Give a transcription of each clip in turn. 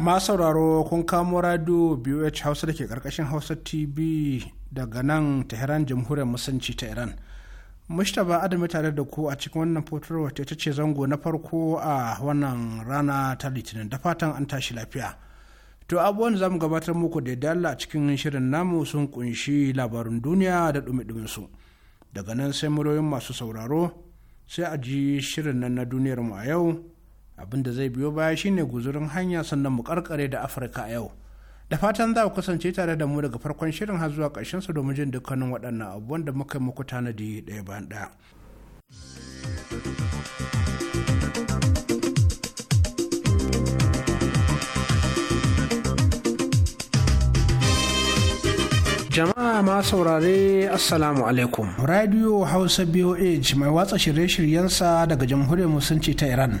masu sauraro kun kamo radio buh Hausa da ke karkashin Hausa TV daga nan Tehran Jamhuriyar Musulunci ta Iran. Mushtaba Adamu tare da ku a cikin wannan fotarwa ta ita ce zango na farko a wannan rana ta Litinin da fatan an tashi lafiya. To abubuwan za mu gabatar muku da dalla a cikin shirin namu sun kunshi labarin duniya da dumi su. Daga nan sai muryoyin masu sauraro sai a ji shirin nan na duniyar mu a yau abin da zai biyo baya shine guzurin hanya sannan mu karkare da afirka a yau da fatan za ku kasance tare da mu daga farkon shirin har zuwa ƙarshen su domin jin dukkanin waɗannan abubuwan da muka yi muku tanadi ɗaya bayan ɗaya. Jama'a ma saurare Assalamu alaikum. Radio Hausa BOH mai watsa shirye-shiryensa daga Jamhuriyar Musulunci ta Iran.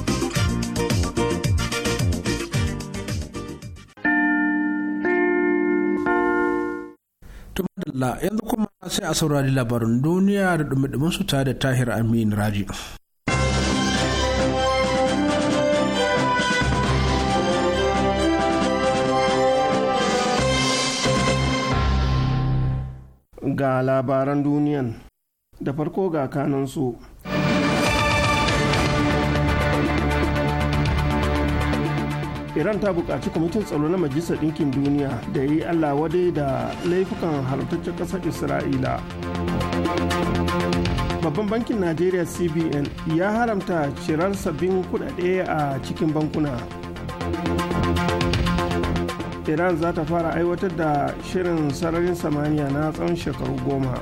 Tumadalla yanzu kuma sai a saurari labarin duniya da dumi su tare da Tahir Amin Raji. Ga labaran duniyan da farko ga kanansu. iran ta buƙaci kwamitin tsaro na majalisar ɗinkin duniya da yi allah wadai da laifukan halittaccen ƙasar isra'ila babban bankin najeriya cbn ya haramta cirar sabbin kuɗaɗe a cikin bankuna iran za ta fara aiwatar da shirin sararin samaniya na tsawon shekaru goma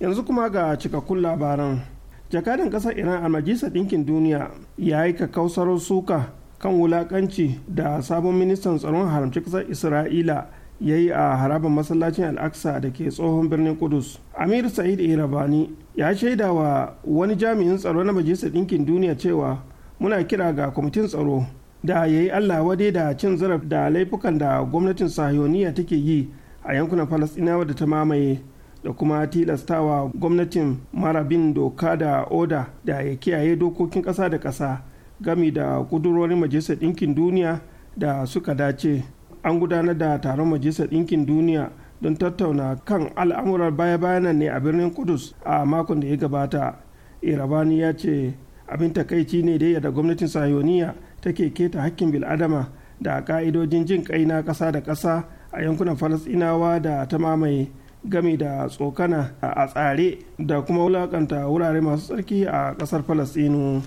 yanzu kuma ga cikakkun labaran jakadan kasar iran a majalisar ɗinkin duniya ya yi kakausar suka kan wulakanci da sabon ministan tsaron haramci kasar isra'ila ya yi a harabar masallacin al'aqsa da ke tsohon birnin kudus amir sa'id irabani ya shaida wa wani jami'in tsaro na majalisar ɗinkin duniya cewa muna kira ga kwamitin tsaro da ya yi allah wade da cin zarafi da laifukan da gwamnatin sahiyoniya take yi a yankunan falasɗinawa da ta mamaye da kuma tilastawa gwamnatin marabin doka da oda da ya kiyaye dokokin kasa da kasa gami da ƙudurorin majalisar ɗinkin duniya da suka dace an gudanar da taron majalisar ɗinkin duniya don tattauna kan al'amuran baya-bayanan ne a birnin kudus a makon da ya gabata irabani ya ce abin takaici ne da yadda gwamnatin sayoniya take keta hakkin bil'adama da ka'idojin jin kai na ƙasa da kasa a yankunan falasɗinawa da ta mamaye game da tsokana a tsare da kuma wulakanta wurare masu tsarki a kasar falasinu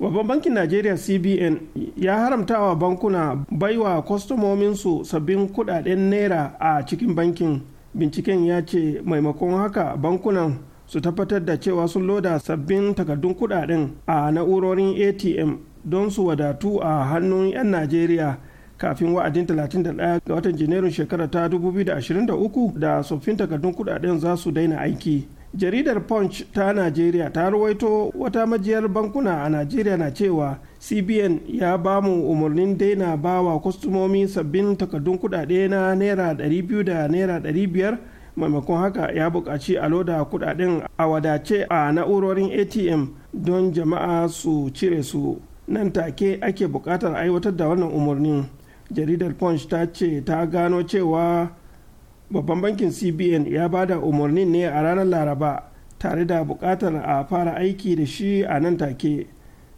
babban bankin najeriya cbn ya haramtawa bankuna baiwa kwastomominsu sabbin kudaden naira a cikin bankin binciken ya ce maimakon haka bankunan su tabbatar da cewa sun loda sabbin takardun kudaden a na'urorin atm don su wadatu a hannun 'yan najeriya kafin wa'adin 31 ga watan janairun shekara ta 2023 da tsoffin takardun kudaden za su daina aiki jaridar punch ta najeriya ta rawaito wata majiyar bankuna a najeriya na cewa cbn ya ba mu umarnin daina ba wa kwastomomi sabbin takardun kudade na naira 200 da naira 500 maimakon haka ya bukaci a loda kudaden a wadace a na'urorin atm don jama'a su cire su nan take ake bukatar aiwatar da wannan umarnin jaridar punch ta ce ta gano cewa babban bankin cbn ya ba da umarnin ne a ranar laraba tare da buƙatar a fara aiki da shi a nan take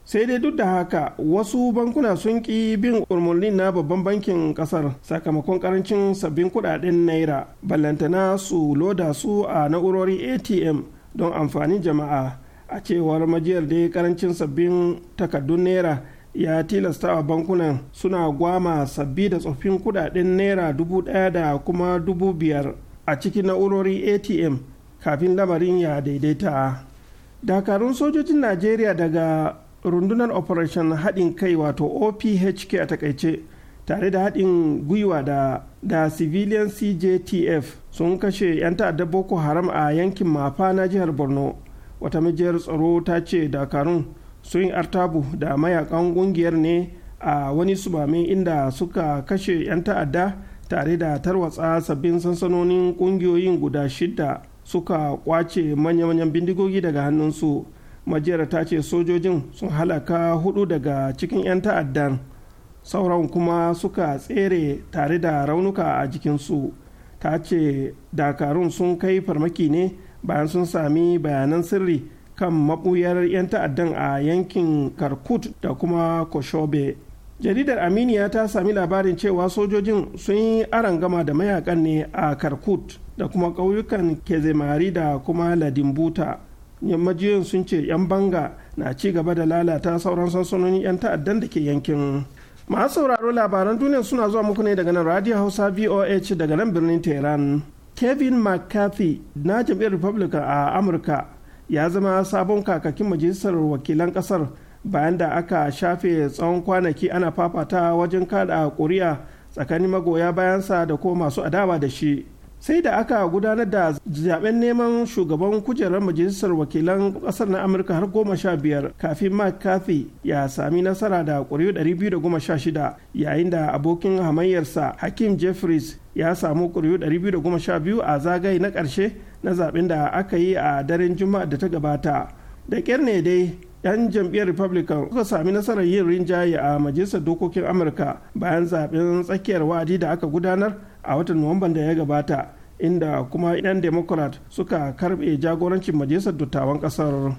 sai dai duk da haka wasu bankuna sun ki bin umarnin na babban bankin ƙasar sakamakon ƙarancin sabbin kudaden naira ballantana su loda su a na'urorin atm don amfanin jama'a a cewar majiyar dai karancin sabbin takardun naira ya tilasta a bankunan suna gwama sabbi da tsoffin kudaden naira dubu daya da kuma dubu biyar a cikin na'urori atm kafin lamarin ya daidaita dakarun sojojin najeriya daga rundunar operation haɗin kai wato ophk a takaice tare da haɗin gwiwa da da civilian cjtf sun kashe 'yan ta'adda boko haram a yankin mafa na jihar borno wata majiyar tsaro ta ce dakarun sun artabu da mayakan kungiyar ne a wani sumame inda suka kashe 'yan ta'adda tare da tarwatsa sabbin sansanonin kungiyoyin guda shida suka kwace manya-manyan bindigogi daga hannunsu majiyar ta ce sojojin sun halaka hudu daga cikin 'yan ta'addan sauran kuma suka tsere tare da raunuka a jikinsu ta ce dakarun sun kai farmaki ne bayan sun sami bayanan sirri kan mabuyar 'yan ta'addan a yankin karkut da kuma koshobe jaridar aminiya ta sami labarin cewa sojojin sun yi gama da mayakan ne a karkut da kuma ƙauyukan kezemari da kuma ladimbuta yammajiyoyin sun ce 'yan banga na ci gaba da lalata sauran sansanoni 'yan ta'addan da ke yankin masu sauraro labaran duniya suna zuwa muku ne daga nan radio hausa voh daga nan birnin tehran kevin mccarthy na jam'iyyar republican a amurka ya zama sabon kakakin majalisar wakilan kasar bayan da aka shafe tsawon kwanaki ana fafata wajen kada kuri'a tsakanin magoya bayansa da ko masu adawa da shi sai da aka gudanar da zaben neman shugaban kujerar majalisar wakilan kasar na amurka har goma sha biyar kafin kathy ya sami nasara da ƙuri'u 216 yayin da abokin hamayyarsa hakim jeffries ya samu ƙuri'u 212 a zagaye na ƙarshe na zaɓen da aka yi a daren juma'a da ta gabata da kyar ne dai 'yan jam'iyyar republican suka sami nasarar yin rinjaye a majalisar dokokin amurka bayan zaɓen tsakiyar wa'adi da aka gudanar a watan nuwamban da ya gabata inda kuma 'yan democrat suka karbe jagorancin majalisar dattawan kasar.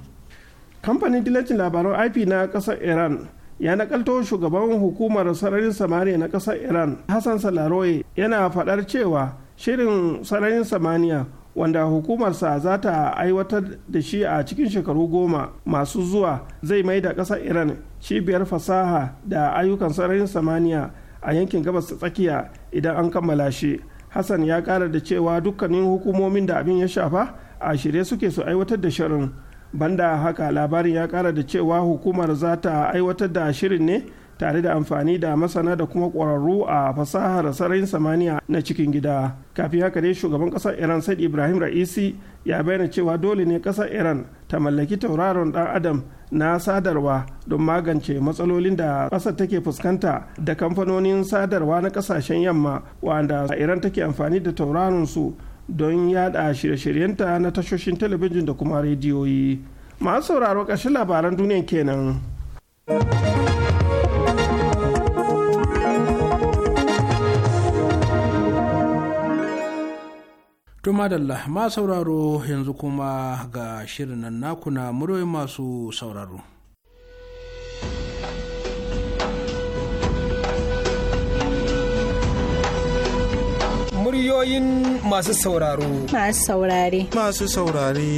kamfanin dillacin labaran ip na kasar iran ya nakalto shugaban hukumar sararin samaniya na ƙasar iran hassan salaroye yana faɗar cewa shirin sararin samaniya wanda hukumarsa za ta aiwatar da shi a cikin shekaru goma masu zuwa zai mai da ƙasar iran cibiyar fasaha da ayyukan sararin samaniya a yankin gabas ta tsakiya idan an kammala shi hassan ya kara da cewa dukkanin hukumomin da abin ya shafa a shirye suke su aiwatar da shirin banda haka labarin ya kara da cewa hukumar za ta aiwatar da shirin ne tare da amfani da masana da kuma ƙwararru a fasahar sarayin samaniya na cikin gida kafin haka dai shugaban ƙasar iran said ibrahim ra'isi ya bayyana cewa dole ne ƙasar iran ta mallaki tauraron ɗan adam na sadarwa don magance matsalolin da ƙasar take fuskanta da kamfanonin sadarwa na ƙasashen yamma wanda iran take amfani da tauraron su don yada shirye-shiryenta na tashoshin talabijin da kuma rediyoyi masu sauraro ƙarshen labaran duniya kenan. Tuma da ma sauraro yanzu kuma ga shirin nan naku na muryoyin masu sauraro. muryoyin masu sauraro. Masu saurare. Masu saurare.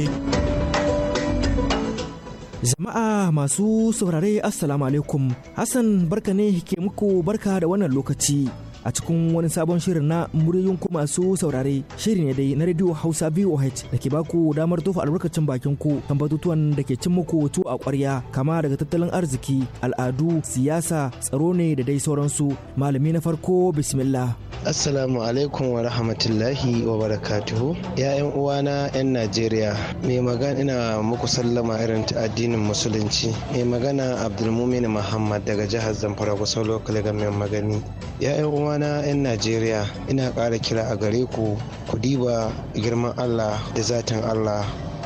Jama'a masu saurare Assalamu alaikum. Hassan barka ne ke muku barka da wannan lokaci. a cikin wani sabon shirin na muryoyin ku masu saurare shirin ne dai na radio hausa voh da ke baku damar tofa albarkacin bakin ku kan batutuwan da ke cin muku tu a kwarya kama daga tattalin arziki al'adu siyasa tsaro ne da dai sauransu malami na farko bismillah assalamu alaikum wa rahmatullahi wa barakatuhu ya'yan uwana 'yan najeriya mai magana ina muku sallama irin ta addinin musulunci mai magana abdulmumin muhammad daga jihar zamfara kusa lokal gamin magani ya'yan uwa uwana 'yan najeriya ina ƙara kira a gare ku ku diba girman allah da zatin allah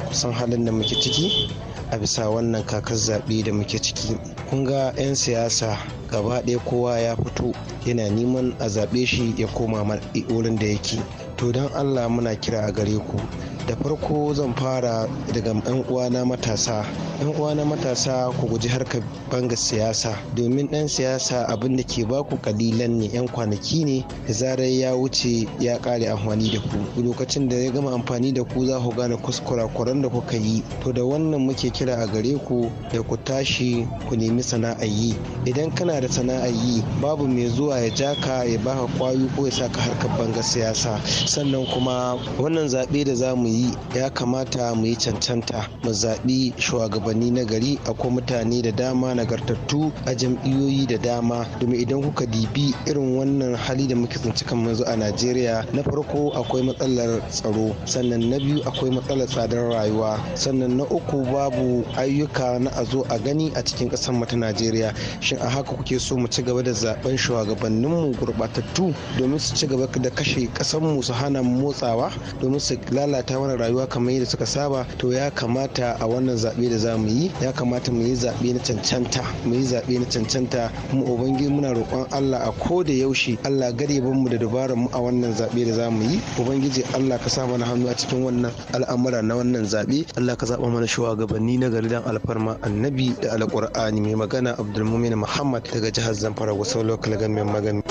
kusan halin da muke ciki a bisa wannan kakar zaɓe da muke ciki kun ga 'yan siyasa gaba ɗaya kowa ya fito yana neman a zaɓe shi ya koma wurin da yake to don allah muna kira a gare ku da farko zan fara daga 'yan uwana matasa 'yan uwana matasa ku guji harka banga siyasa domin ɗan siyasa abin da ke ba ku kalilan ne 'yan kwanaki ne da zarar ya wuce ya kare amfani da ku lokacin da ya gama amfani da ku za ku gane kuskurakuran da kuka yi to da wannan muke kira a gare ku da ku tashi ku nemi sana'a yi idan kana da sana'a yi babu mai zuwa ya ja ka ya baka kwayo ko ya saka harkar banga siyasa sannan kuma wannan zaɓe da za mu yi ya kamata mu yi cancanta mu zaɓi shugabanni na gari akwai mutane da dama nagartattu a jam'iyyoyi da dama domin idan kuka dibi irin wannan hali da muke tsinci kan yanzu a najeriya na farko akwai matsalar tsaro sannan na biyu akwai matsalar tsadar rayuwa sannan na uku babu ayyuka na a zo a gani a cikin ƙasar mata najeriya shin a haka kuke so mu ci gaba da zaben shugabanninmu gurɓatattu domin su ci gaba da kashe ƙasarmu su hana motsawa domin su lalata wani rayuwa kamar yadda suka saba to ya kamata a wannan zaɓe da za mu yi ya kamata mu yi zaɓe na cancanta mu yi zaɓe na cancanta mu ubangiji muna roƙon Allah a ko da yaushe Allah gare mu da dabarar mu a wannan zaɓe da za mu yi ubangiji Allah ka sa mana hannu a cikin wannan al'amura na wannan zaɓe Allah ka zaɓa mana shugabanni na gari dan alfarma annabi da alƙur'ani mai magana Abdulmumin Muhammad daga jihar Zamfara wasu lokacin gamin magani.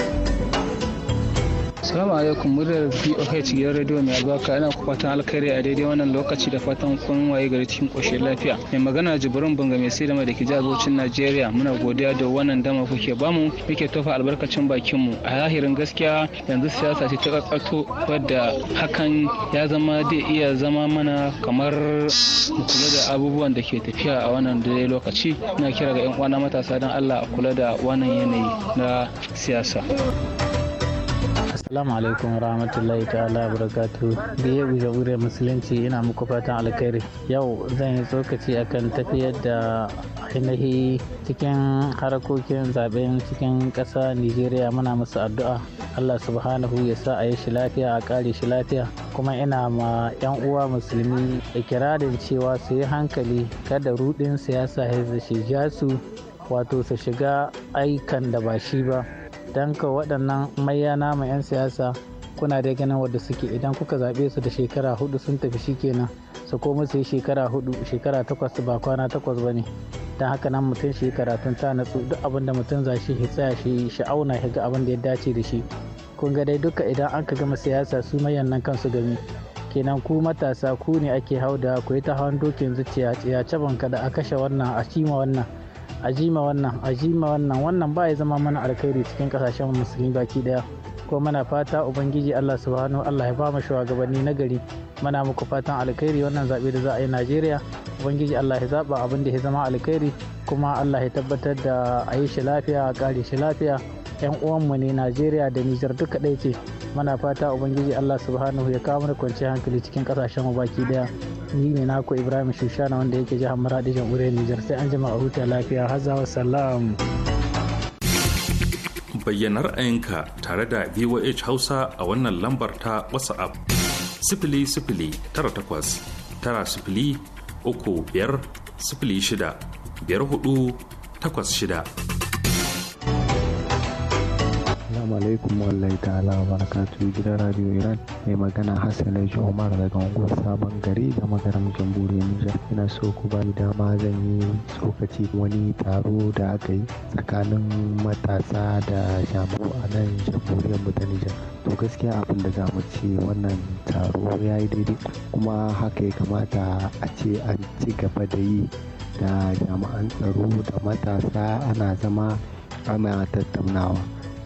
Assalamu alaikum muryar VOH gidan radio mai albarka ina ku fatan alkhairi a daidai wannan lokaci da fatan kun waye gari cikin koshin lafiya. Mai magana Jibrin Banga mai sai da mai dake jagocin Najeriya muna godiya da wannan dama kuke bamu muke tofa albarkacin bakin mu. A zahirin gaskiya yanzu siyasa ce ta kakkato wadda hakan ya zama zai iya zama mana kamar mu kula da abubuwan da ke tafiya a wannan daidai lokaci. Ina kira ga 'yan kwana matasa don Allah a kula da wannan yanayi na siyasa. Assalamu alaikum rahmatullahi ta'ala barakatu. Biye jamhuriyar musulunci ina muku fatan alkhairi. Yau zan yi tsokaci akan tafiyar da ainihi cikin harkokin zaben cikin ƙasa nigeria muna musu addu'a. Allah subhanahu ya sa a yi shi lafiya a kare shi lafiya. Kuma ina ma 'yan uwa musulmi ikirarin cewa su yi hankali kada rudin siyasa ya shi jasu wato su shiga aikan da ba shi ba. don ka waɗannan mayya mai 'yan siyasa kuna da ganin wadda suke idan kuka zaɓe su da shekara hudu sun tafi shi kenan su koma su yi shekara hudu shekara takwas ba kwana takwas ba ne don haka nan mutum shi karatun ta natsu duk abin da mutum za shi tsaya shi sha'auna ya ga abin da ya dace da shi kun ga dai duka idan an ka gama siyasa su mayan nan kansu gami kenan ku matasa ku ne ake hauda ku yi ta hawan dokin zuciya ya tsiyace ka da a kashe wannan a cima wannan ajima wannan ajima wannan wannan ba ya zama mana alkhairi cikin kasashen musulmi baki daya ko mana fata ubangiji Allah subhanahu Allah ya ba mu shugabanni na gari muna muku fatan alkhairi wannan zabe da za a yi Najeriya ubangiji Allah ya zaba abin da ya zama alkhairi kuma Allah ya tabbatar da a yi shi lafiya a kare shi lafiya yan uwanmu ne najeriya da nijar duka ɗaya ce muna fata ubangiji allah subhanahu ya kawo mana kwanciyar hankali cikin kasashen baki daya ni ne nako ibrahim shushana wanda yake jihar maradi jamhuriyar nijar sai an jima a huta lafiya hazawa salam bayyana ra'ayinka tare da voh hausa a wannan lambar ta whatsapp sifili sifili tara takwas tara sifili uku biyar sifili shida biyar hudu takwas shida Assalamu alaikum wallahi ta'ala wa barakatu gidan Radio Iran mai magana Hassan Laji Umar daga unguwar Sabon Gari da magaram Jamhuriyar Nijar. Ina so ku bani dama zan yi tsokaci wani taro da aka yi tsakanin matasa da shamu a nan Jamhuriyar mu ta Nijar. To gaskiya abin da za mu ce wannan taro ya yi daidai kuma haka ya kamata a ce an ci gaba da yi da jami'an tsaro da matasa ana zama ana tattaunawa.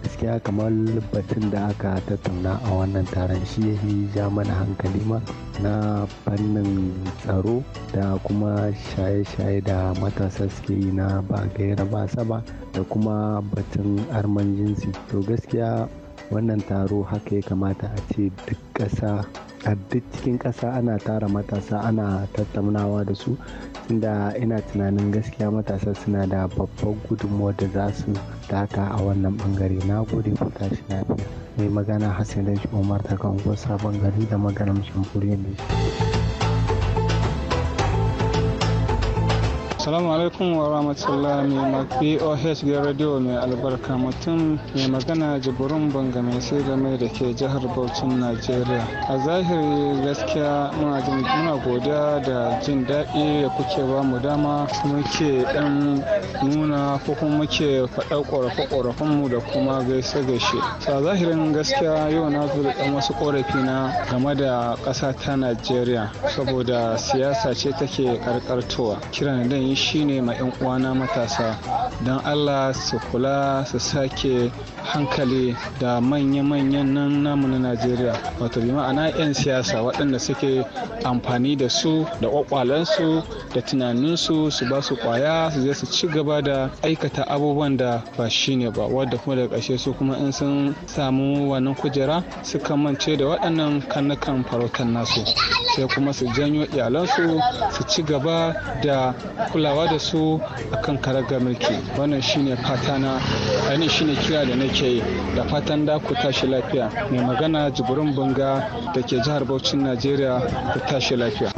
gaskiya kamar batun da aka tattauna a wannan taron shi ya ja mana hankali ma na fannin tsaro da kuma shaye-shaye da matasa suke yi na ba gaira ba saba da kuma batun arman jinsi to gaskiya wannan taro haka ya kamata a ce duk ƙasa a duk cikin ƙasa ana tara matasa ana tattaunawa da su inda ina tunanin gaskiya matasa suna da babban gudunmuwa da za su daka a wannan bangare na gode ku tashi lafiya mai magana hassan da umar kan unguwar sabon gari da maganar shamfuriyar da Assalamu alaikum wa rahmatullah mai mafi OH radio mai albarka mutum mai magana jiburin banga mai sai game da ke jihar Bauchin Najeriya. A zahiri gaskiya muna godiya da jin daɗi da kuke ba mu dama muke ɗan nuna ko kuma muke faɗa ƙorafe-ƙorafen mu da kuma gaisa gaishe. Sa zahirin gaskiya yau na zo ɗan wasu ƙorafi na game da ƙasa ta Najeriya saboda siyasa ce take ƙarƙartowa. Kiran dan shine ma 'yan uwana matasa don allah su kula su sake hankali da manya-manyan nan namu na najeriya wato bi ma'ana 'yan siyasa waɗanda suke amfani da su da kwakwalensu da tunaninsu su ba su kwaya su zai su ci gaba da aikata abubuwan da ba shine ba wadda kuma daga ƙarshe su kuma in sun samu wannan kujera suka mance da waɗannan kannukan farautar nasu sai kuma su janyo iyalansu su ci gaba da kulawa da su akan karagar mulki wannan shine fata na ainihin shine kira da nake yi da fatan da ku tashi lafiya mai magana jibrin banga da ke jihar Bauchin Najeriya ku tashi lafiya.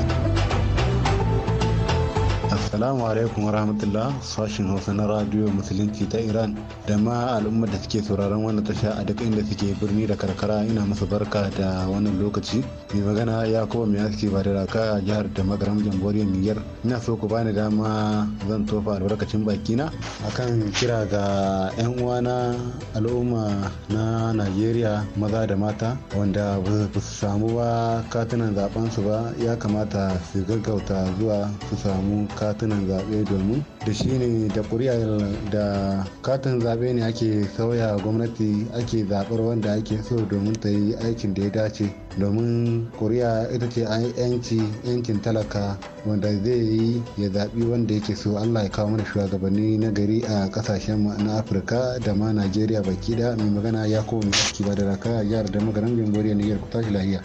Assalamu alaikum rahmatullah sashin Hausa na Radio Musulunci ta Iran da ma al'ummar da suke sauraron wannan tasha a duk inda suke birni da karkara ina musu barka da wannan lokaci. Mai magana ya kuma mai aski ba da raka a jihar da magaram jamhuriyar Niger. Ina so ku bani dama zan tofa albarkacin bakina akan kira ga 'yan uwana al'umma na Najeriya maza da mata wanda ba su samu ba katunan zaben su ba ya kamata su gaggauta zuwa su samu katunan katunan zaɓe domin da shi ne da ƙuri'ar da katin zaɓe ne ake sauya gwamnati ake zaɓar wanda ake so domin ta yi aikin da ya dace domin ƙuri'a ita ce yanci yankin talaka wanda zai yi ya zaɓi wanda yake so allah ya kawo mana shugabanni na gari a ƙasashen na afirka da ma najeriya baki da mai magana ya kowane ba da raka jihar da magaran jamhuriyar niger ku tashi lahiya.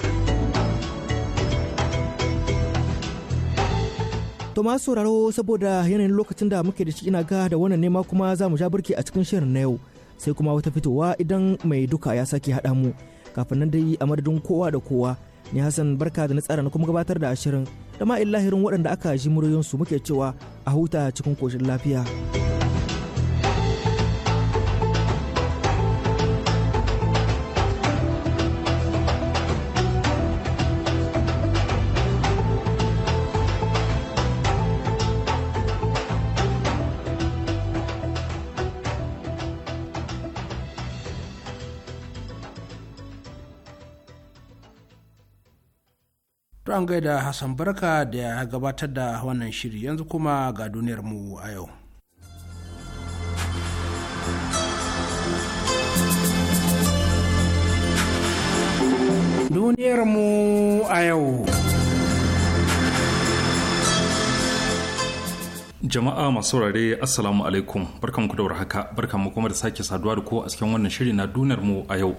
To masu sauraro saboda yanayin lokacin da muke da shi ina ga da wannan nema kuma za mu ja birki a cikin shirin na yau sai kuma wata fitowa idan mai duka ya sake haɗa mu kafin nan dai a madadin kowa da kowa ni Hassan barka da na tsara na kuma gabatar da ashirin da ma illahirin waɗanda aka ji su muke cewa a huta cikin koshin lafiya. an gaida Hassan Barka da ya gabatar da wannan shiri yanzu kuma ga duniyar mu a yau. Duniyar mu a yau. Jama'a masu saurare Assalamu alaikum barkanku da warhaka barkanmu kuma da sake saduwa da ko a cikin wannan shiri na duniyar mu a yau.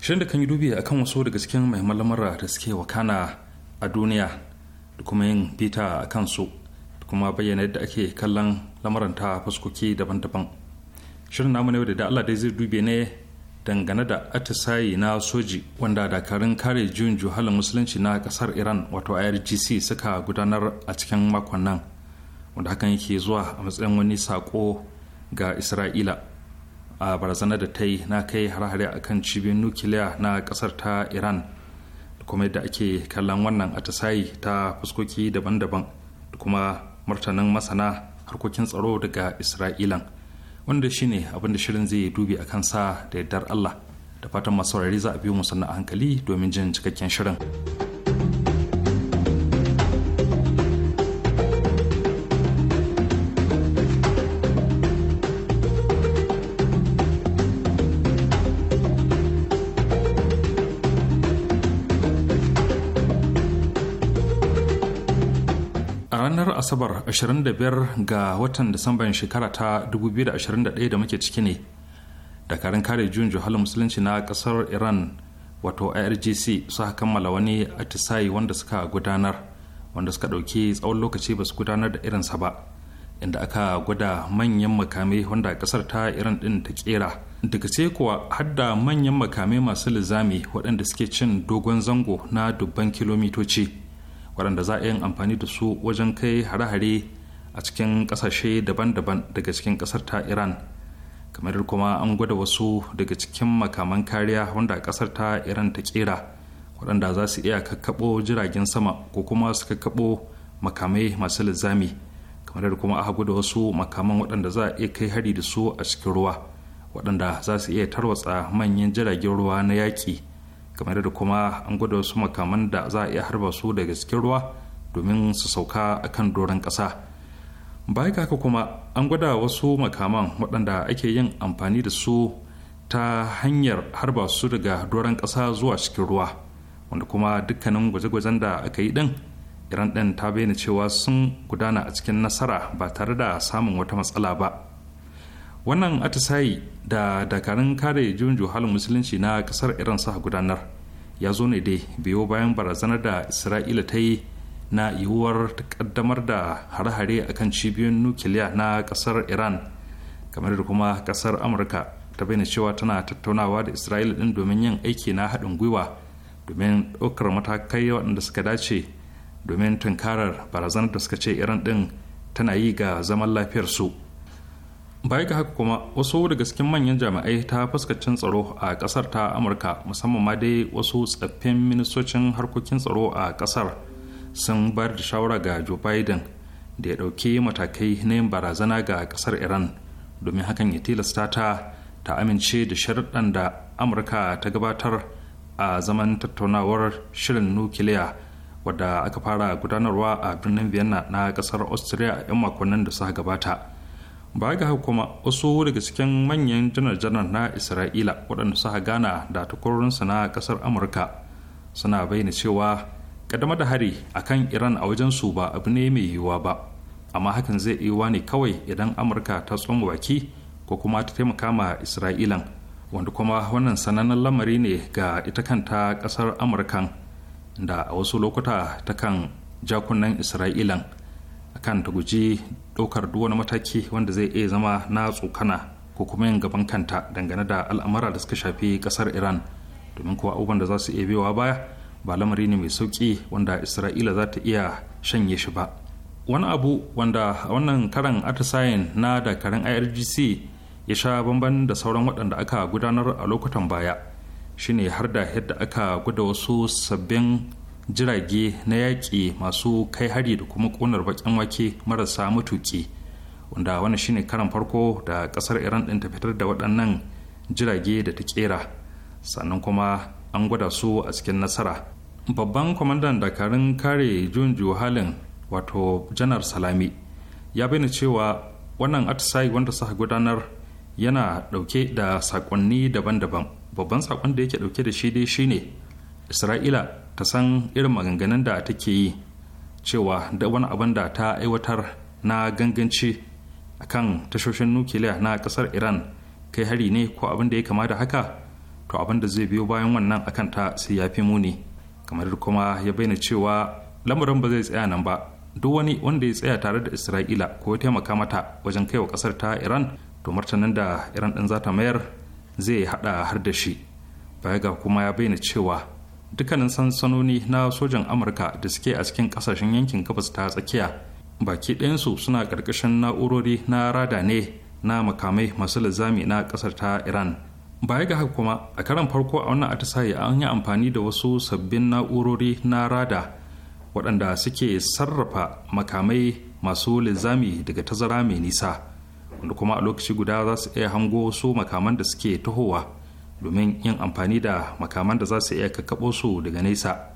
Shirin da kan yi dubi akan wasu daga cikin mai lamura da suke wakana a duniya da kuma yin bita a kansu da kuma bayyana yadda ake kallon lamarin ta fuskoki daban-daban shirin namu ne da allah dai zai dube ne dangane da atisayi na soji wanda dakarun kare juyin juhalin musulunci na kasar iran wato irgc suka gudanar a cikin makon nan wanda hakan yake zuwa a matsayin wani sako ga isra'ila a barazanar da ta yi na kai hare a kan cibiyar nukiliya na kasar ta iran kuma yadda ake kallon wannan atisayi ta fuskoki daban-daban da kuma martanin masana harkokin tsaro daga isra'ilan wanda shine abin da shirin zai dubi a kansa da yardar allah da fatan masu za a biyu mu sannan a hankali domin jin cikakken shirin. asabar 25 ga watan disamban shekara ta 2021 da muke ciki ne dakarun kare juyin juhalin musulunci na kasar iran wato irgc suka kammala wani atisayi wanda suka gudanar wanda suka ɗauki tsawon lokaci ba su gudanar da irinsa ba inda aka gwada manyan makame wanda kasar ta iran din ta kera daga sai kuwa hadda manyan makamai masu lizami waɗanda suke cin dogon zango na dubban kilomitoci waɗanda za a yin amfani da su wajen kai hare-hare a cikin ƙasashe daban-daban daga cikin ƙasar ta iran kamar kuma an gwada wasu daga cikin makaman kariya wanda ƙasar ta iran ta ƙera waɗanda za su iya kakkaɓo jiragen sama ko kuma su kakkaɓo makamai masu lizami kamar da kuma aka gwada wasu makaman waɗanda za a iya kai hari da su a cikin ruwa waɗanda za su iya tarwatsa manyan jiragen ruwa na yaƙi kamar da kuma an gwada wasu makaman da za a iya harba su daga cikin ruwa domin su sauka a kan doron ƙasa bayan haka kuma an gwada wasu makaman waɗanda ake yin amfani da su ta hanyar harba su daga doron ƙasa zuwa cikin ruwa wanda kuma dukkanin gwaje-gwajen da aka yi ɗin iran ɗin ta bayyana cewa sun gudana a cikin nasara ba tare da samun wata matsala ba wannan atisayi da dakarun kare junju halin musulunci na kasar iran sa gudanar ya zo ne dai biyo bayan barazanar da isra'ila ta yi na yiwuwar kaddamar da hare-hare kan cibiyoyin nukiliya na kasar iran kamar da kuma kasar amurka ta bayyana cewa tana tattaunawa da isra'ila din domin yin aiki na haɗin gwiwa domin ɗaukar matakai waɗanda suka dace domin tunkarar barazanar da suka ce iran din tana yi ga zaman lafiyar su baya ga haka kuma wasu daga cikin manyan jami'ai ta fuskacin tsaro a kasar ta amurka musamman ma dai wasu tsaffin ministocin harkokin tsaro a kasar sun bayar da shawara ga joe biden da ya ɗauki matakai na yin barazana ga kasar iran domin hakan ya tilasta ta ta amince da sharuɗan da amurka ta gabatar a zaman tattaunawar shirin nukiliya wadda aka fara gudanarwa a birnin vienna na kasar austria a 'yan makonnin da suka gabata ba ga kuma wasu daga cikin manyan janar-janar na isra'ila waɗanda suka gana da takwarorinsu na ƙasar amurka suna bayyana cewa ƙaddamar da hari a kan iran a wajensu ba abu ne mai yiwuwa ba amma hakan zai iya ne kawai idan amurka ta tsoma baki ko kuma ta taimaka ma isra'ilan wanda kuma wannan sananan lamari ne ga ita kanta ƙasar amurkan da a wasu lokuta ta kan jakunan isra'ilan akan ta guji ɗaukar duk wani mataki wanda zai iya zama na tsokana ko kuma yin gaban kanta dangane da al'amura da suka shafi ƙasar iran domin kuwa abubuwan da za su iya biyowa baya ba lamari ne mai sauƙi wanda isra'ila za ta iya shanye shi ba wani abu wanda a wannan karan atisayen na dakarun irgc ya sha bamban da sauran waɗanda aka gudanar a lokutan baya shine har da yadda aka guda wasu sabbin jirage na yaƙi masu kai hari da kuma ƙunar baƙin wake marasa matuƙi wanda wani shine karan farko da ƙasar iran ɗin ta fitar da waɗannan jirage da ta ƙera sannan kuma an gwada su a cikin nasara babban kwamandan dakarun kare jun halin wato janar salami ya bayyana cewa wannan atisayi wanda suka gudanar yana ɗauke da saƙonni daban-daban babban saƙon da yake ɗauke da shi dai shine isra'ila ta san irin maganganun da take yi cewa da wani abin da ta aiwatar na ganganci kan tashoshin nukiliya na kasar iran kai hari ne ko abin da ya kama da haka to abin da zai biyo bayan wannan akan ta sai ya fi muni kamar kuma ya bayyana cewa lamarin ba zai tsaya nan ba duk wani wanda ya tsaya tare da isra'ila ko ya taimaka mata wajen kaiwa kasar ta iran to martanin da iran din za ta mayar zai hada har da shi baya ga kuma ya bayyana cewa dukkanin sansanoni na sojan amurka da suke a cikin kasashen yankin gabas ta tsakiya baki ɗayansu suna ƙarƙashin na'urori na rada ne na makamai masu linzami na ƙasar ta iran baya ga haka kuma a karan farko a wannan atisaye an yi amfani da wasu sabbin na'urori na rada waɗanda suke sarrafa makamai masu linzami daga tazara mai nisa wanda kuma a lokaci guda za su iya hango su makaman da suke tahowa domin yin amfani da makaman da za su iya kakkaɓo su daga nesa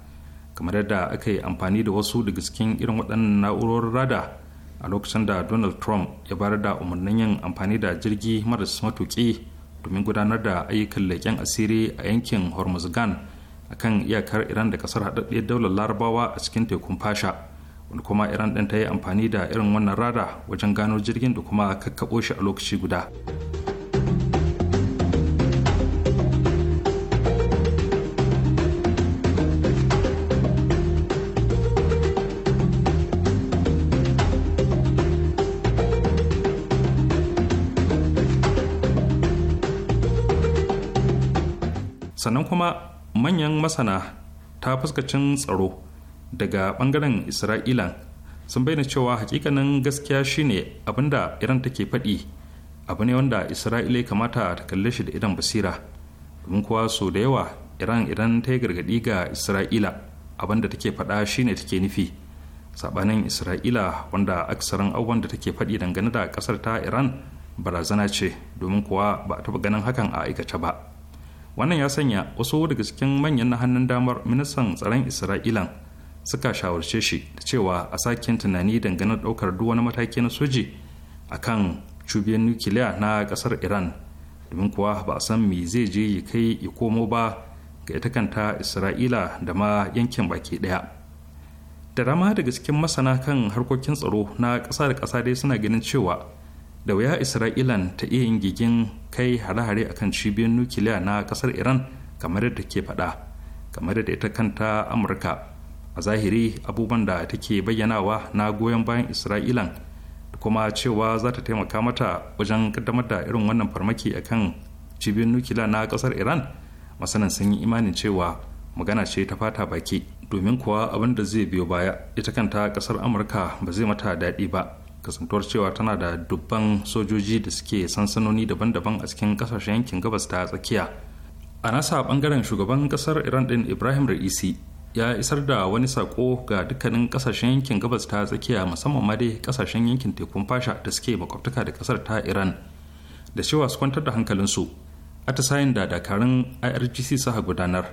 kamar yadda aka yi amfani da wasu daga cikin irin waɗannan na'urorin rada a lokacin da donald trump ya bayar da umarnin yin amfani da jirgi maras matuƙi domin gudanar da ayyukan leƙen asiri a yankin hormuzgan a kan iyakar iran da kasar haɗaɗɗiyar daular larabawa a cikin tekun fasha wanda kuma iran ɗin ta yi amfani da irin wannan rada wajen gano jirgin da kuma kakkaɓo shi a lokaci guda. sannan kuma manyan masana ta fuskacin tsaro daga bangaren isra'ilan sun bayyana cewa hakikanin gaskiya shine abinda iran take faɗi abu ne wanda isra'ila kamata ta kalle shi da idan basira domin kuwa sau da yawa iran idan ta yi gargaɗi ga isra'ila abinda take faɗa shine take nufi sabanin isra'ila wanda aksarin abubuwan da take faɗi dangane da ƙasar ta iran barazana ce domin kuwa ba a taɓa ganin hakan a aikace ba wannan ya sanya wasu daga cikin manyan na hannun damar ministan tsaron isra'ilan suka shawarce shi da cewa a sakin tunani dangane daukar duk wani mataki na soji a kan cubiyar nukiliya na kasar iran domin kuwa ba a san me zai je ya kai ya komo ba ga ita kanta isra'ila da ma yankin baki daya da rama daga cikin masana kan harkokin tsaro na ƙasa da ƙasa dai suna ganin cewa da wuya isra'ilan ta iya yin gigin kai hare-hare akan cibiyar nukiliya na kasar iran kamar yadda ke faɗa kamar yadda ita kanta amurka a zahiri abubuwan da take bayyanawa na goyon bayan isra'ilan da kuma cewa za ta taimaka mata wajen kaddamar da irin wannan farmaki akan cibiyar nukiliya na kasar iran masanan sun yi imanin cewa magana ce ta fata baki domin kuwa abin da zai biyo baya ita kanta kasar amurka ba zai mata daɗi ba kasantuwar cewa tana da dubban sojoji da suke sansanoni daban-daban a cikin kasashen yankin gabas ta tsakiya a nasa bangaren shugaban kasar iran din ibrahim ra'isi ya isar da wani sako ga dukkanin kasashen yankin gabas ta tsakiya musamman ma dai kasashen yankin tekun fasha da suke makwabtaka da kasar ta iran da cewa su kwantar da hankalinsu atisayin da dakarun irgc suka gudanar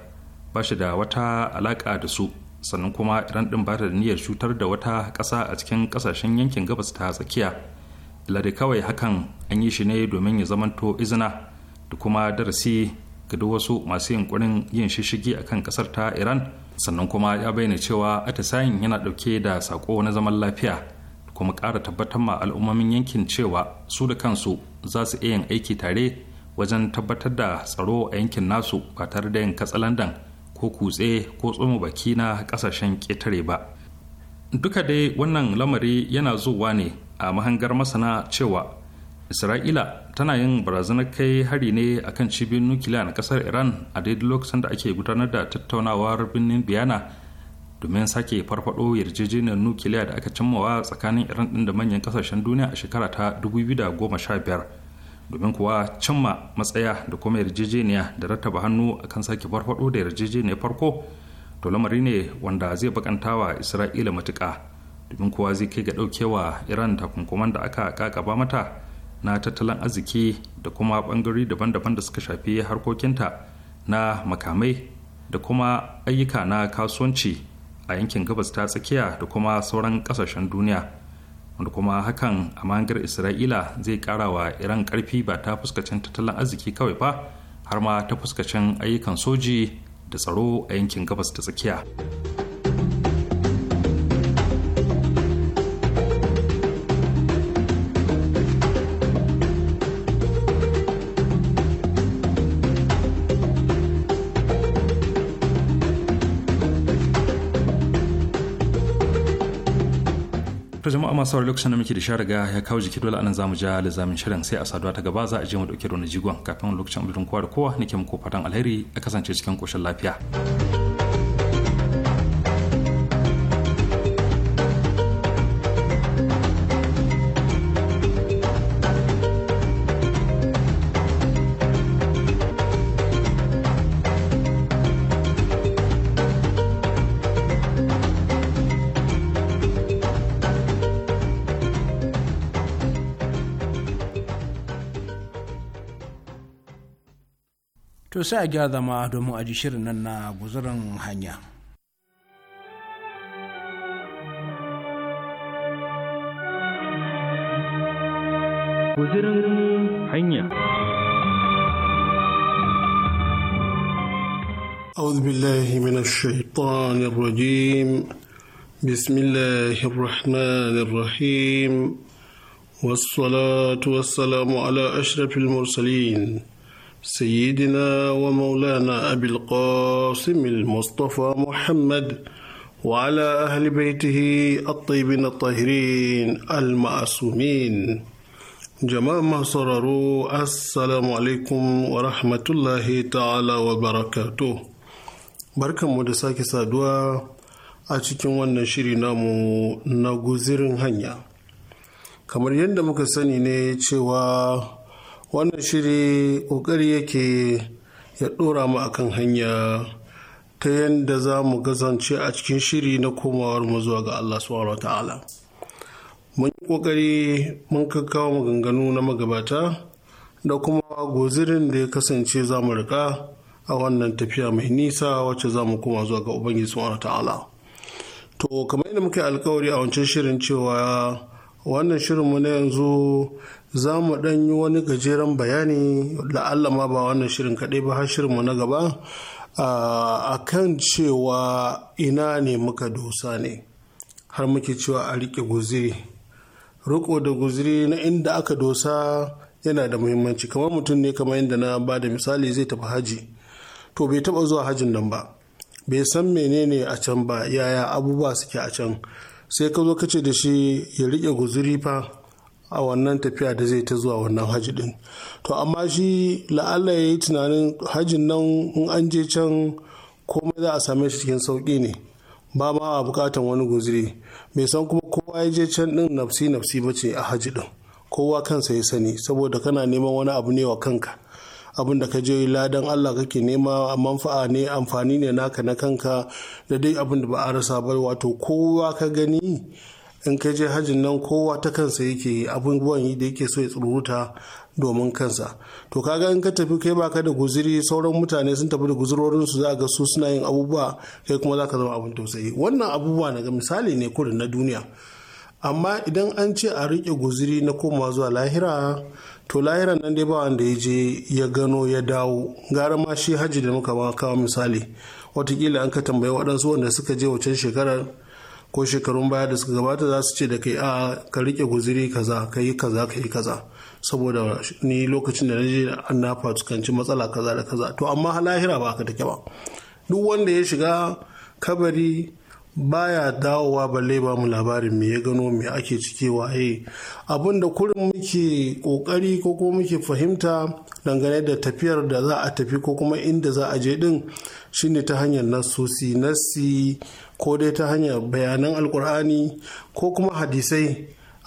ba shi da wata alaka da su sannan kuma iran din ba da niyyar cutar da wata ƙasa a cikin ƙasashen yankin gabas ta tsakiya lade kawai hakan an yi shi ne domin ya zamanto izina da kuma darasi ga duk wasu masu yunkurin yin shishigi a kan ƙasar ta iran sannan kuma ya bayyana cewa atisayin yana ɗauke da sako na zaman lafiya da kuma ƙara tabbatar ma al'ummomin yankin cewa su da kansu za su iya yin aiki tare wajen tabbatar da tsaro a yankin nasu ba tare da yin katsalandan ko kutse ko tsoma baki na kasashen ƙetare ba duka dai wannan lamari yana zuwa ne a mahangar masana cewa isra'ila tana yin barazanar kai hari ne akan cibiyar nukiliya na kasar iran a daidai lokacin da ake gudanar da tattaunawar birnin biyana domin sake farfado yarjejeniyar nukiliya da aka cimmawa tsakanin iran ɗin da manyan kasashen duniya a shekara ta 2015 domin kuwa cimma matsaya da kuma yarjejeniya da rattaba hannu a kan sake farfado da yarjejeniya farko to lamari ne wanda zai bakanta wa isra'ila matuka domin kuwa zai kai ga ɗaukewa iran takunkuman da aka kakaba mata na tattalin arziki da kuma ɓangare daban-daban da suka shafi harkokinta na makamai da kuma ayyuka na kasuwanci a yankin gabas ta tsakiya da kuma sauran ƙasashen duniya wanda kuma hakan a mahangar isra'ila zai kara wa iran karfi ba ta fuskacin tattalin arziki kawai ba har ma ta fuskacin ayyukan soji da tsaro a yankin gabas ta tsakiya. masu saurari lokacin da muke da shariga ya kawo jiki dole anan zamu ja lizamin shirin sai a saduwa ta gaba za a je mu dauke da wani jigon kafin lokacin abin kowa da kowa nake muku fatan alheri a kasance cikin koshin lafiya. to sai a gya zama domin a ji shirin nan na guzurin hanya. Guzurin hanya. أعوذ بالله من الشيطان الرجيم بسم الله الرحمن الرحيم والصلاة والسلام على أشرف المرسلين سيدنا ومولانا أبي القاسم المصطفى محمد وعلى أهل بيته الطيبين الطاهرين المعصومين jama'a masu sauraro assalamu alaikum wa rahmatullahi ta'ala wa barakato barkanmu da sake saduwa a cikin wannan shiri namu na guzirin hanya kamar yadda muka sani ne cewa wannan shiri ƙoƙari yake ya ɗora mu akan hanya ta yadda za mu gazance a cikin shiri na komawar mu zuwa ga Allah subhanahu ta'ala mun yi ƙoƙari mun kakkawa maganganu na magabata da kuma gozirin da ya kasance za mu riƙa a wannan tafiya mai nisa wacce za mu koma zuwa ga ubangiji subhanahu ta'ala to kamar yadda muka alkawari a wancan shirin cewa wannan shirin mu na yanzu za mu ɗan yi wani gajeren bayani la'alla ma ba wannan shirin kaɗai ba har shirinmu na gaba a kan cewa ina ne muka dosa ne har muke cewa a riƙe guziri riƙo da guziri na inda aka dosa yana da muhimmanci kamar mutum ne kamar yadda na ba da misali zai tafi haji to bai taɓa zuwa hajin nan ba bai san menene a can ba yaya abubuwa suke a can sai ka zo ka ce da shi ya riƙe guziri fa a wannan tafiya da zai ta zuwa wannan hajji din to amma shi la'alla ya yi tunanin hajin nan in an je can komai za a same shi cikin sauƙi ne ba ma a bukatan wani guziri bai san kuma kowa ya je can din nafsi nafsi ba ce a hajji din kowa kansa ya sani saboda kana neman wani abu ne wa kanka abin da ka je ladan Allah kake nema manfa'a ne amfani ne naka na kanka da dai abin da ba a rasa ba wato kowa ka gani in kai je hajjin nan kowa ta kansa yake abubuwan da yake so ya tsururuta domin kansa to kaga in ka tafi kai baka da guziri sauran mutane sun tafi da guzurorin su za ga su suna yin abubuwa kai kuma za ka zama abin tausayi wannan abubuwa na ga misali ne kurin na duniya amma idan an ce a riƙe guziri na koma zuwa lahira to lahira nan dai ba wanda ya je ya gano ya dawo gara ma shi hajji da muka kawo misali watakila an ka tambayi waɗansu wanda suka je wacan shekarar ko shekarun baya da suka gabata za su ce da kai a ka rike guziri kaza ka yi kaza ka yi kaza saboda ni lokacin da naje an na fatukanci matsala kaza da kaza to amma lahira ba ka take ba duk wanda ya shiga kabari baya dawowa balle ba mu labarin me ya gano me ake cike waye abin da kurin muke kokari ko kuma muke fahimta dangane da tafiyar da za a tafi ko kuma inda za a je din shine ta hanyar nasusi nasi ko dai ta hanyar bayanan alkur'ani ko kuma hadisai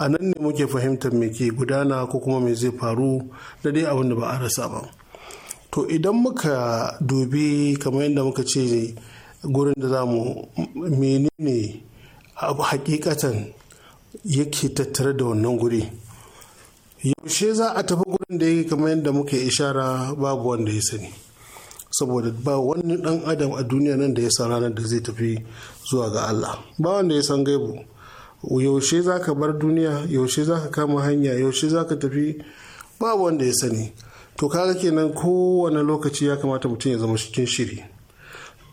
a nan ne muke fahimtar me ke gudana ko kuma me zai faru da dai abin da ba a rasa ba to idan muka dubi kamar yadda muka ce gurin da za mu menene abu hakikatan yake tattare da wannan guri yaushe za a tafi gurin da yake kamar yadda muke ishara babu wanda ya sani saboda ba wani dan adam a duniya nan da ya san ranar da zai tafi zuwa ga Allah ba wanda ya san gaibu yaushe za ka bar duniya yaushe za ka kama hanya yaushe za ka tafi ba wanda ya sani to kaga kenan kowane lokaci ya kamata mutum ya zama cikin shiri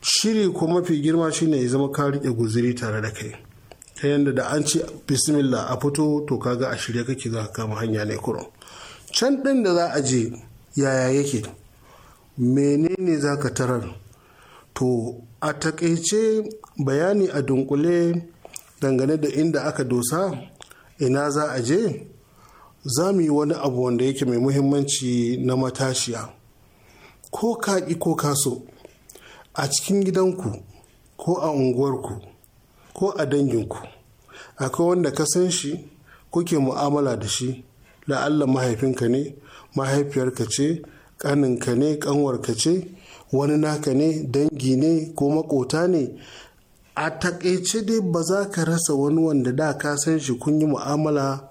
shiri ko mafi girma shine ya zama ka riƙe guziri tare da kai ta yadda da an ce bismillah a fito to kaga a shirye kake za ka kama hanya ne kurum can ɗin da za a je yaya yake menene za ka tarar to a takaice bayani a dunkule dangane da inda aka dosa ina za a je za mu yi wani abu wanda yake mai muhimmanci na matashiya ko kaƙi ko so? a cikin gidanku ko a unguwarku ko a danginku akwai wanda ka san shi kuke mu'amala da shi la'allah mahaifinka ne mahaifiyarka ce kaninka ne ƙanwarka ce wani naka ne dangi ne ko makota ne a takaice dai ba za ka rasa wani wanda da ka san shi kun yi mu'amala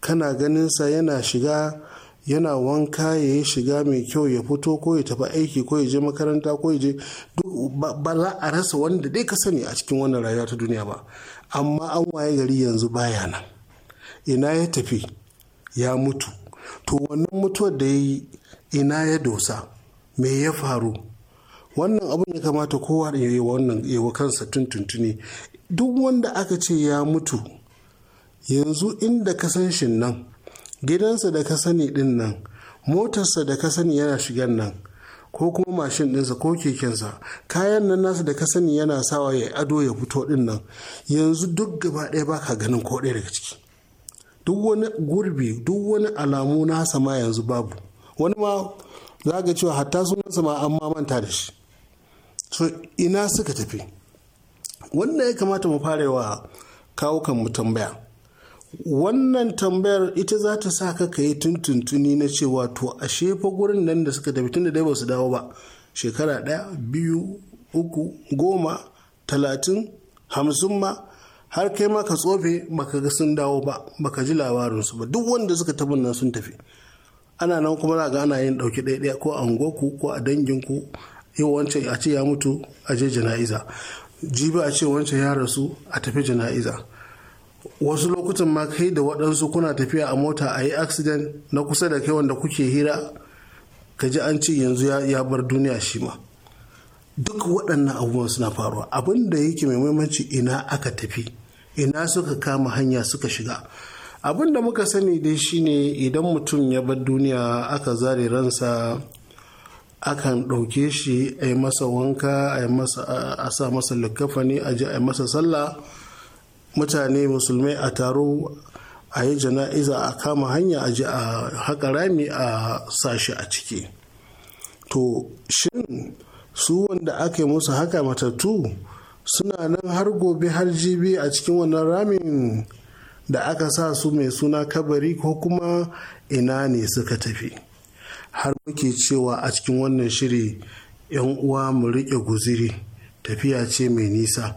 kana ganinsa yana shiga yana wanka ya yi shiga mai kyau ya fito ko ya tafi aiki ko ya je makaranta ko ya je ba za a rasa wanda dai ka sani a cikin wannan rayuwa ta duniya ba amma an waye gari yanzu baya nan ina ya tafi ya mutu to wannan mutuwar da ya yi ina ya dosa me ya faru wannan abin ya kamata kowa da yi wannan yawa kansa tuntuntuni duk wanda aka ce ya mutu yanzu inda ka san shi nan gidansa da ka sani din nan motarsa da ka sani yana shigan nan ko kuma mashin dinsa ko kekensa kayan nan nasa da ka sani yana sawa ya ado ya fito din nan yanzu duk gaba ɗaya baka ganin ko ɗaya daga ciki duk wani gurbi duk wani alamu nasa ma yanzu babu wani ma za ga cewa hatta sunansa ma an manta da shi so ina suka tafi wannan ya kamata mu fara kawo kan mu tambaya wannan tambayar ita za ta sa ka yi tuntuntuni na cewa to a shefa gurin nan da suka tafi tunda dai ba su dawo ba shekara ɗaya biyu uku goma talatin hamsin ma har kai maka tsofe baka ga sun dawo ba baka ji labarinsu ba duk wanda suka tafi nan sun tafi ana nan kuma za ga ana yin ɗauki ɗaya ko a unguwarku ko a danginku yau wancan a ce ya mutu a je jana'iza jibi a ce wancan ya rasu a tafi jana'iza wasu lokutan ma kai da waɗansu kuna tafiya a mota a yi accident na kusa da kai wanda kuke hira ka ji an ce yanzu ya bar duniya shi ma duk waɗannan abubuwan suna faruwa abin da yake mai muhimmanci ina aka tafi ina suka kama hanya suka shiga abin da muka sani dai shine idan mutum ya bar duniya aka zare ransa akan ɗauke shi a yi masa wanka a sa masa likafani a ji a yi masa sallah mutane musulmai a taro a yi jana'iza a kama hanya a ji a haƙa rami a sashi a ciki to shin su wanda aka yi musu haka matattu suna nan har gobe har jibi a cikin wannan ramin da aka sa su mai suna kabari ko kuma ina ne suka tafi har muke cewa a cikin wannan shiri yan uwa mu riƙe guziri tafiya ce mai nisa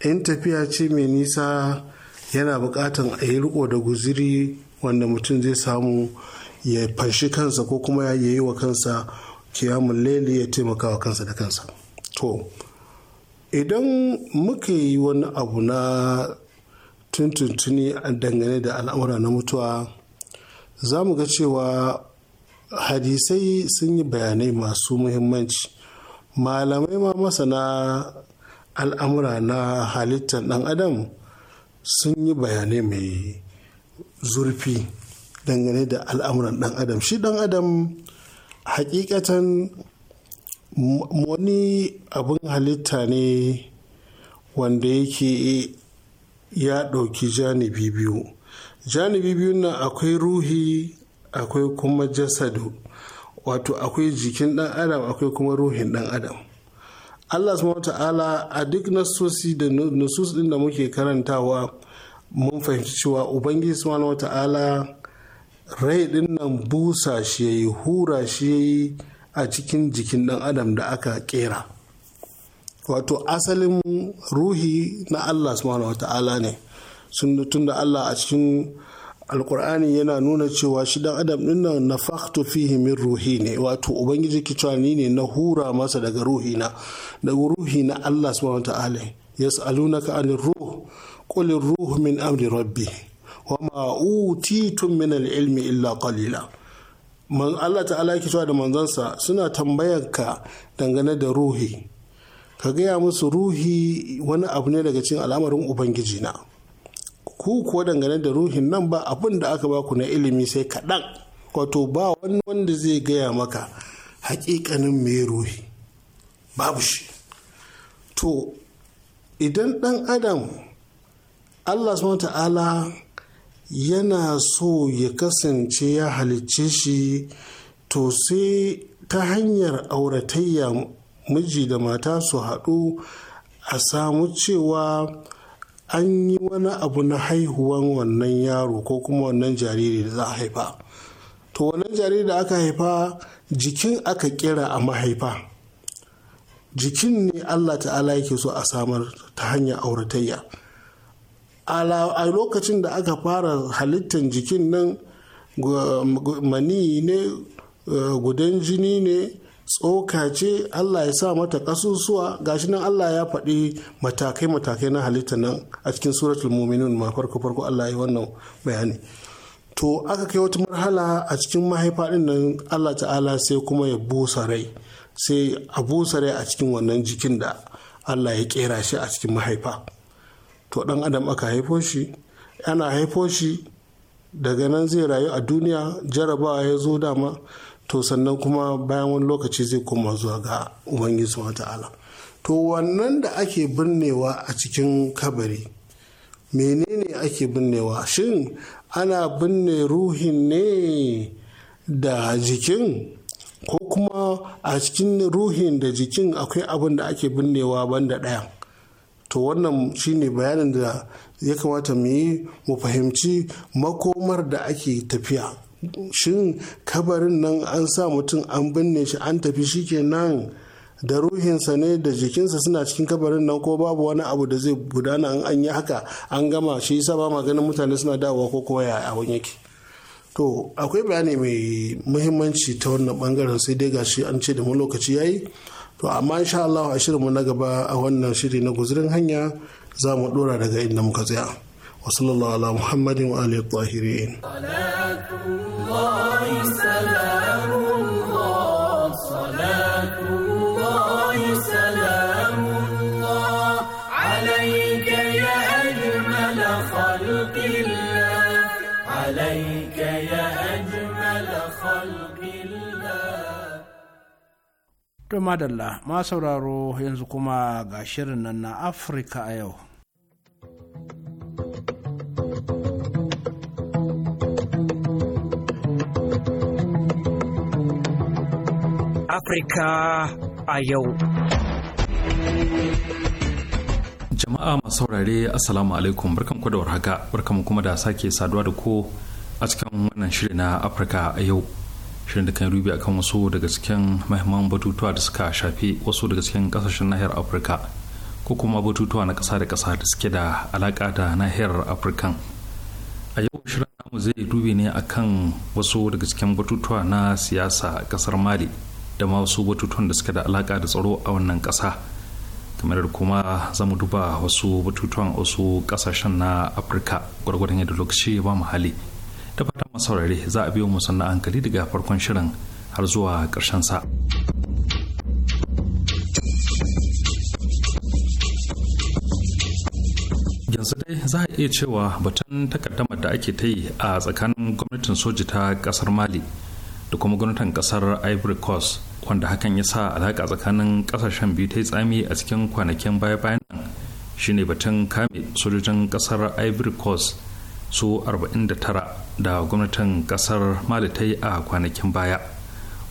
in tafiya ce mai nisa yana buƙatan a yi riƙo da guziri wanda mutum zai samu ya fanshi kansa ko kuma ya yi wa kansa kiyamun laili ya taimaka wa kansa da kansa to idan muka yi wani abu na tuntuntuni dangane da al'amura na mutuwa za mu ga cewa hadisai sun yi bayanai masu muhimmanci malamai ma masana al'amura na halittar ɗan adam sun yi bayanai mai zurfi dangane da al'amuran ɗan adam shi ɗan adam hakikatan wani abin halitta ne wanda yake ya ɗauki janibi biyu janibi biyu nan akwai ruhi akwai kuma jasadu wato akwai jikin ɗan adam akwai kuma ruhin ɗan adam allah subhanahu ta'ala a duk nasusi da nasus ɗin da muke karantawa mun fahimci cewa ubangiji subhanahu ta'ala rai ɗin nan busa shi yayi hura shi yayi a cikin jikin ɗan adam da aka kera wato asalin ruhi na Allah subhanahu ta'ala ne sun da Allah a cikin alkur'ani yana nuna cewa shi dan adam din nan na faktu fihi min ruhi ne wato ubangiji ki ni ne na hura masa daga ruhi na daga ruhi na Allah subhanahu wata'ala yas'alunaka anir ruh qul ruhu min amri rabbi wa ma utitum min al-ilmi illa qalila Allah ta'ala ki cewa da manzansa suna tambayar ka dangane da ruhi ka gaya musu ruhi wani abu ne daga cikin al'amarin ubangiji na ku kuwa dangane da ruhin nan ba abin da aka baku na ilimi sai kaɗan wato ba wani wanda zai gaya maka hakikanin mai ruhi babu shi to idan ɗan adam allah subhanahu ta'ala yana so ya kasance ya halicce shi to sai ta hanyar auratayya miji da mata su haɗu a samu cewa an yi wani abu na haihuwan wannan yaro ko kuma wannan jariri da za a haifa to wannan jariri da aka haifa jikin aka kira a mahaifa jikin ne allah ta'ala yake so a samar ta hanyar auratayya a lokacin da aka fara halittar jikin nan mani ne eh, gudan jini ne tsoka ce Allah ya sa mata kasusuwa gashi nan Allah ya faɗi matakai-matakai na halitta nan a cikin suratul muminun ma farko farko Allah ya wannan bayani to aka kai wata marhala a cikin mahaifa din nan Allah ta'ala sai kuma ya busa rai sai a busa rai a cikin wannan jikin da Allah ya kera shi a cikin mahaifa to dan adam aka haifo shi ana haifo shi daga nan zai rayu a duniya jarabawa ya zo dama to sannan kuma bayan wani lokaci zai koma zuwa ga ubangiji wa ta'ala to wannan da ake binnewa a cikin kabari menene ake binnewa shin ana binne ruhin ne da jikin ko kuma a cikin ruhin da jikin akwai abin da ake binnewa banda ɗaya to wannan shine bayanin da ya kamata mu yi mu fahimci makomar da ake tafiya shin kabarin nan an sa mutum an binne shi an tafi shi kenan da ruhinsa ne da jikinsa suna cikin kabarin nan ko babu wani abu da zai gudana an an yi haka an gama shi yasa ba maganin mutane suna dawowa ko kowa ya abun yake to akwai bayani mai muhimmanci ta wannan bangaren sai dai gashi an ce da mu lokaci yayi to amma insha Allah a shirinmu na gaba a wannan shiri na guzurin hanya za mu dora daga inda muka tsaya. wa ala muhammadin wa alihi tahirin Dama da Allah, ma sauraro yanzu kuma ga shirin nan na Afirka a yau. Afirka a yau. Jama'a masu saurare Assalamu alaikum barkan ku da warhaka barkan kuma da sake saduwa da ko a cikin wannan shirin na Afirka a yau. Shirin da kan rubi akan wasu daga cikin mahimman batutuwa da suka shafi wasu daga cikin kasashen nahiyar Afirka ko kuma batutuwa na kasa da kasa da suke da alaƙa da nahiyar Afirka A yau shirin namu zai dubi ne akan wasu daga cikin batutuwa na siyasa a ƙasar Mali. da wasu batutuwan da suka da alaka da tsaro a wannan ƙasa kamar kuma za mu duba wasu batutuwan wasu ƙasashen na afirka gwargwadon yadda lokaci ya ba mu hali da fatan masaurare za a biyo mu na hankali daga farkon shirin har zuwa ƙarshen sa. yanzu dai za a iya cewa batun takaddamar da ake ta yi a tsakanin gwamnatin soji ta ƙasar mali da kuma gwamnatin kasar ivory coast wanda hakan ya sa alaƙa tsakanin ƙasashen biyu ta yi tsami a cikin kwanakin baya-bayan nan shine batun kame sojojin ƙasar ivory coast su 49 da gwamnatin ƙasar mali ta yi a kwanakin baya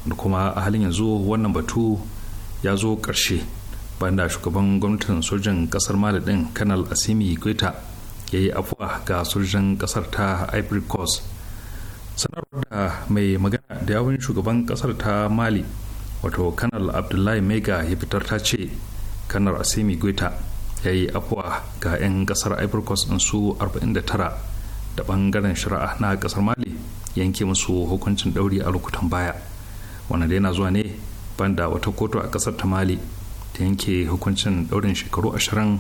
wanda kuma a halin yanzu wannan batu ya zo ƙarshe bayan da shugaban gwamnatin sojin ƙasar mali ɗin kanal asimi goita ya yi afuwa ga sojojin ƙasar ta ivory coast sanarwar da mai magana da yawon shugaban kasar ta mali wato kanal abdullahi mega ya fitar ta ce kanar asimi guita ya yi afuwa ga 'yan kasar ivory coast su 49 da bangaren shari'a na kasar mali yanke musu hukuncin ɗauri a lokutan baya wanda da yana zuwa ne banda wata kotu a kasar ta mali ta yanke hukuncin ɗaurin shekaru 20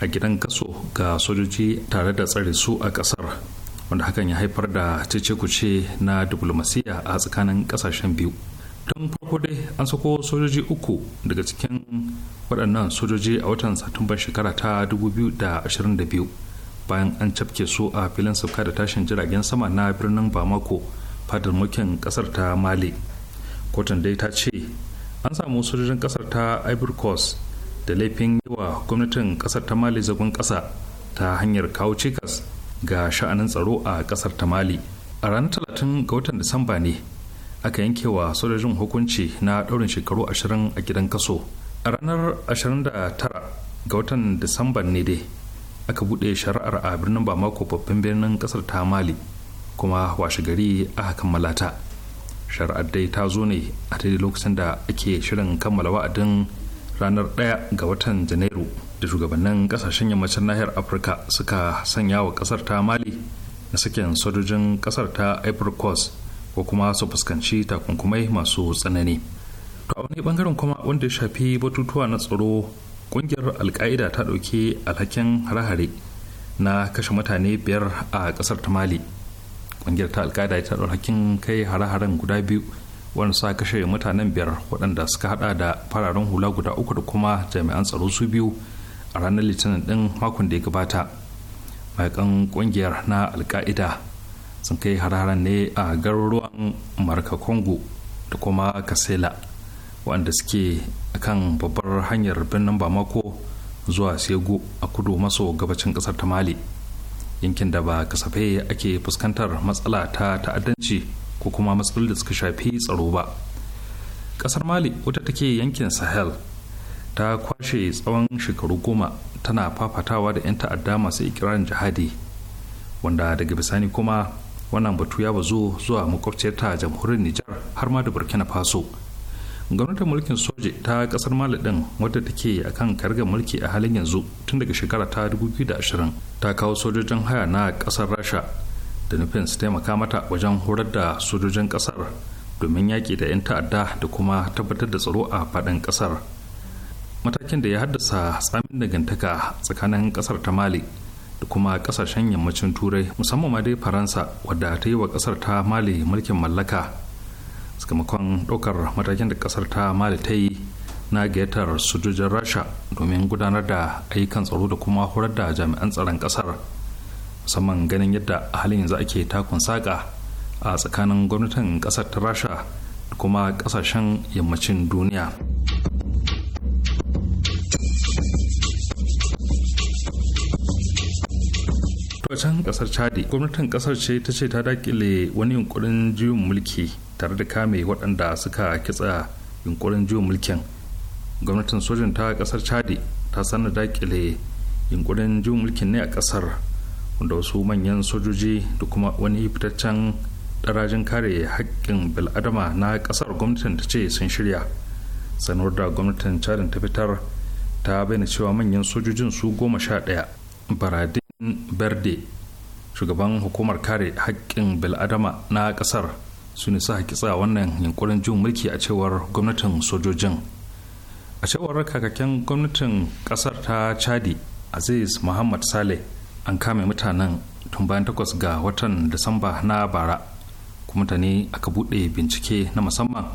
a gidan kaso ga sojoji tare da tsare su a kasar wanda hakan ya haifar da cece-kuce na diplomasiya a tsakanin kasashen biyu don farko dai an sako sojoji uku daga cikin waɗannan sojoji a watan satumbar shekara ta 2022 bayan an cafke su a filin sauka da tashin jiragen sama na birnin bamako fadar mulkin kasar ta mali kotun dai ta ce an samu sojojin kasar ta ivory coast da laifin yi wa gwamnatin kasar ta mali zagon kasa ta hanyar kawo cikas ga sha'anin tsaro a kasar tamali. a ranar talatin ga watan disamba ne aka yanke wa sojojin hukunci na daurin shekaru ashirin a gidan kaso a ranar 29 ga watan disamba ne dai aka buɗe shari'ar a birnin bamako babban birnin kasar tamali kuma washe gari aka kammala ta shari'ar dai ta zo ne a lokacin da ake shirin kammala wa'adin ranar ɗaya ga watan janairu da shugabannin kasashen yammacin nahiyar afirka suka sanya wa kasar ta mali na sakin sojojin kasar ta ivory coast ko kuma su fuskanci takunkumai masu tsanani to a wani bangaren kuma wanda ya shafi batutuwa na tsaro kungiyar alka'ida ta ɗauki alhakin harahare na kashe mutane biyar a kasar ta mali kungiyar ta alka'ida ta alhakin kai haraharen guda biyu wanda sa kashe mutanen biyar waɗanda suka hada da fararen hula guda uku da kuma jami'an tsaro su biyu a ranar litinin din makon da ya gabata mayakan kungiyar na alka'ida sun kai hararen ne a garuruwan marka congo da kuma kasela wanda suke kan babbar hanyar birnin bamako zuwa sego a kudu maso gabacin kasar ta mali yankin da ba kasafai ake fuskantar matsala ta ta'addanci ko kuma matsalolin da suka shafi tsaro ba kasar mali wata take yankin sahel ta kwashe tsawon shekaru goma tana fafatawa da 'yan ta'adda masu ikirarin jihadi wanda daga bisani kuma wannan batu ya bazo zuwa makwabciyar ta jamhuriyar nijar har ma da burkina faso gwamnatin mulkin soja ta kasar mali din wadda take a kan karga mulki a halin yanzu tun daga shekara ta 2020 ta kawo sojojin haya na kasar rasha da nufin su taimaka mata wajen horar da sojojin kasar domin yaƙi da 'yan ta'adda da kuma tabbatar da tsaro a faɗin kasar matakin da ya haddasa tsamin dangantaka tsakanin kasar ta mali da kuma kasashen yammacin turai musamman ma dai faransa wadda ta yi wa kasar ta mali mulkin mallaka sakamakon ɗaukar matakin da kasar ta mali ta yi na gayyatar sojojin rasha domin gudanar da ayyukan tsaro da kuma horar da jami'an tsaron kasar musamman ganin yadda a halin yanzu ake takun saƙa a tsakanin gwamnatin kasar ta rasha da kuma kasashen yammacin duniya. wajen kasar chadi gwamnatin kasar ce ta ce ta dakile wani yunkurin juyin mulki tare da kame waɗanda suka kitsa yunkurin juyin mulkin gwamnatin sojin ta kasar chadi ta sanna dakile yunkurin juyin mulkin ne a kasar wanda wasu manyan sojoji da kuma wani fitaccen darajin kare haƙƙin bil'adama na kasar gwamnatin ta ce sun shirya sanar da gwamnatin Chadi ta fitar ta bayyana cewa manyan sojojin su goma sha ɗaya barade berde shugaban hukumar kare haƙƙin bil'adama na ƙasar su ne sa kitsa wannan yunkurin jin mulki a cewar gwamnatin sojojin a cewar kakakken gwamnatin ƙasar ta chadi aziz muhammad saleh an kame mutanen tun bayan takwas ga watan disamba na bara kuma ta ne aka buɗe bincike na musamman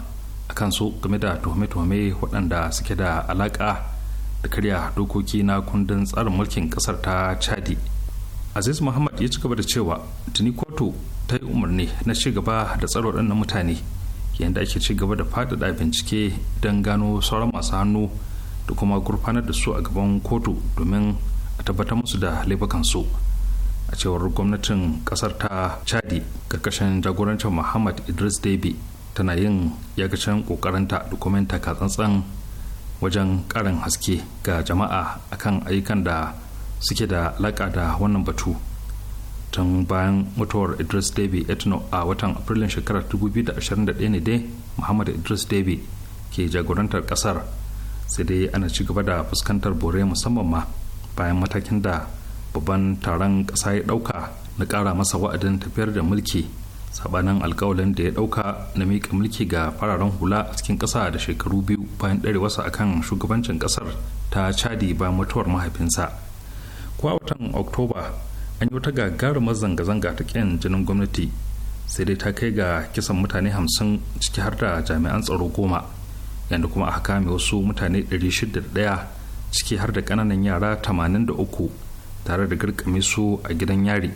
a su game da tuhume-tuhume waɗanda suke da alaƙa da karya dokoki na kundin tsarin mulkin ƙasar ta chadi aziz muhammad ya ci gaba da cewa tuni kotu ta yi umarni na ci gaba da tsaro na mutane yadda ake ci gaba da faɗaɗa bincike don gano sauran masu hannu da kuma gurfanar da su a gaban kotu domin a tabbatar musu da laifukansu a cewar gwamnatin kasar ta chadi karkashin jagorancin muhammad idris debi tana yin yakacin kokarinta da kuma tsantsan wajen ƙarin haske ga jama'a akan ayyukan da suke da alaƙa da wannan batu tun bayan mutuwar idris debi etno a watan afrilun shekarar 2021 ne dai muhammad idris debi ke jagorantar kasar sai dai ana ci gaba da fuskantar bore musamman ma bayan matakin da babban taron ƙasa ya ɗauka na ƙara masa wa'adin tafiyar da mulki sabanin alkawalin da ya ɗauka na miƙa mulki ga fararen hula a cikin ƙasa da shekaru biyu bayan ɗarewarsa akan shugabancin ƙasar ta chadi bayan mutuwar mahaifinsa kwa watan oktoba an yi wata gagarumar zanga-zanga ta kyan jinin gwamnati sai dai ta kai ga kisan mutane hamsin ciki har da jami'an tsaro goma yadda kuma aka kame wasu mutane 601 ciki har da kananan yara 83 tare da garkame su a gidan yari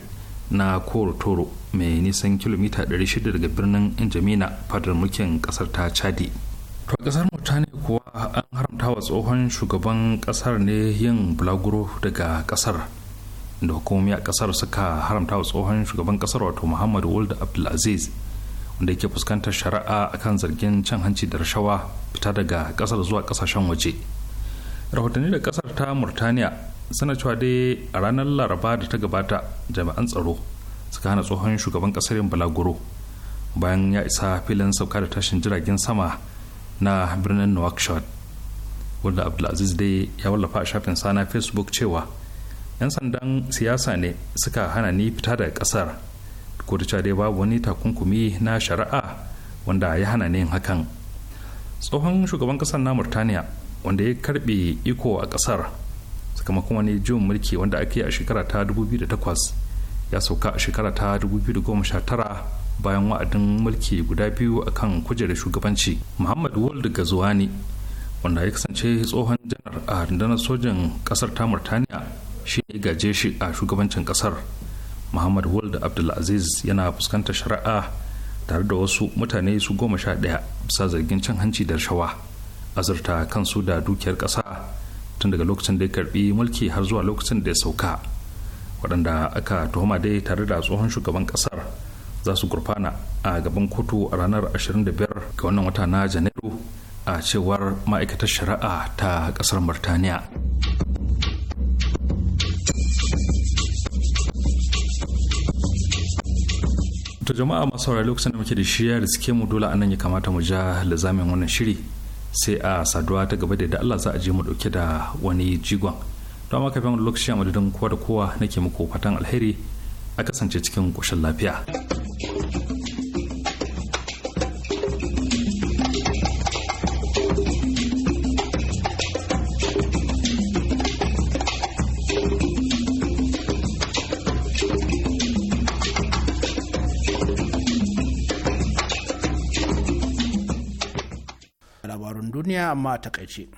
na koro toro mai nisan kilomita 600 daga birnin injamina fadar mulkin kasar ta chadi to a kasar murtaniya kuwa an haramta wa tsohon shugaban kasar ne yin bulaguro daga kasar da hukumomi a kasar suka haramta wa tsohon shugaban kasar wato muhammadu wald abdulaziz wanda yake fuskantar shari'a akan zargin cin hanci da rashawa fita daga kasar zuwa kasashen waje rahotanni da kasar ta murtaniya suna cewa dai a ranar laraba da ta gabata jami'an tsaro suka hana tsohon shugaban kasar yin bulaguro bayan ya isa filin sauka da tashin jiragen sama na birnin nouakchott wanda abdulaziz dai ya wallafa a shafin sa na facebook cewa 'yan sandan siyasa ne suka hana ni fita daga kasar ko da dai babu wani takunkumi na shari'a wanda ya hana ni hakan tsohon shugaban kasar na murtaniya wanda ya karbe iko a kasar sakamakon wani jin mulki wanda ake a shekara ta 2008 ya sauka a shekara ta 2019 bayan wa'adin mulki guda biyu a kan kujerar shugabanci muhammad wald gazuwani wanda ya kasance tsohon janar a rundunar sojan kasar ta murtaniya shi ya gaje shi a shugabancin kasar muhammad wald abdulaziz yana fuskantar shari'a tare da wasu mutane su goma sha ɗaya bisa zargin cin hanci da rashawa azurta kansu da dukiyar ƙasa tun daga lokacin da ya karbi mulki har zuwa lokacin da ya sauka waɗanda aka tuhuma dai tare da tsohon shugaban ƙasar za su gurfana a gaban kotu a ranar 25 ga wannan wata na janairu a cewar ma'aikatar shari'a ta kasar murtaniya to jama'a masu saurari lokacin da muke da shi ya riske mu dole anan ya kamata mu ja lizamin wannan shiri sai a saduwa ta gaba da Allah za a je mu dauke da wani jigon don haka kafin lokaci a madadin kowa da kowa nake muku fatan alheri a kasance cikin koshin lafiya. amma a takaice.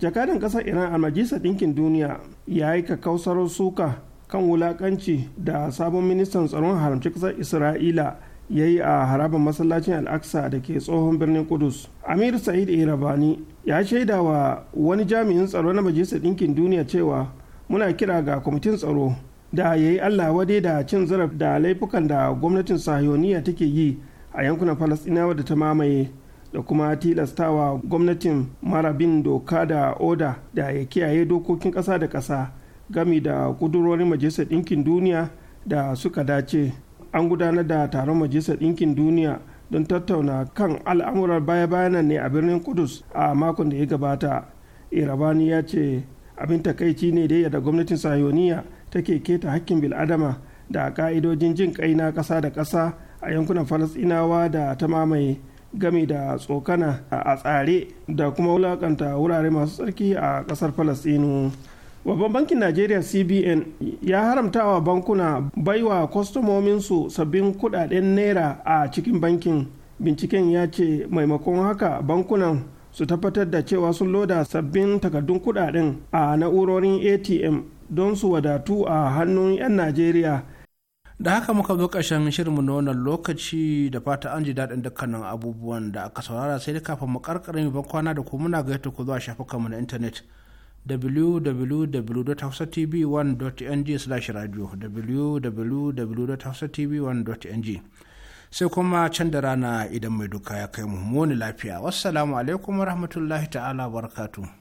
jakadan kasar iran a majalisar ɗinkin duniya ya yi kakausar suka kan wulakanci da sabon ministan tsaron haramci kasar isra'ila ya yi a harabar masallacin al'aqsa da ke tsohon birnin kudus amir sa'id irabani ya shaida wa wani jami'in tsaro na majalisar ɗinkin duniya cewa muna kira ga kwamitin tsaro da ya yi allah wade da cin zarafi da laifukan da gwamnatin sahiyoniya take yi a yankunan falasɗinawa da ta mamaye da kuma tilastawa gwamnatin marabin doka da oda da ya kiyaye dokokin kasa da kasa gami da ƙudurorin majalisar ɗinkin duniya da suka dace an gudanar da taron majalisar ɗinkin duniya don tattauna kan al'amuran baya-bayanan ne a birnin kudus a makon da ya gabata irabani ya ce abin takaici ne da da gwamnatin sayoniya take keta hakkin bil'adama da ka'idojin jin kai na ƙasa da kasa a yankunan falasɗinawa da ta mamaye game da tsokana a tsare da kuma wulakanta wurare masu tsarki a ƙasar falasɗinu babban bankin najeriya cbn ya haramtawa bankuna baiwa kwastomominsu sabbin kudaden naira a cikin bankin binciken ya ce maimakon haka bankunan su tabbatar da cewa sun loda sabbin takardun kudaden a na'urorin atm don su wadatu a hannun 'yan najeriya da haka muka zo ƙarshen shirinmu na wannan lokaci da fata an ji daɗin dukkanin abubuwan da aka saurara sai da kafin mu karkarin yi kwana da kuma muna gayyata ku zuwa shafukanmu na intanet www.hausatv1.ng/radio www.hausatv1.ng sai kuma can da rana idan mai duka ya kai mu muni lafiya wassalamu alaikum warahmatullahi ta'ala barakatuh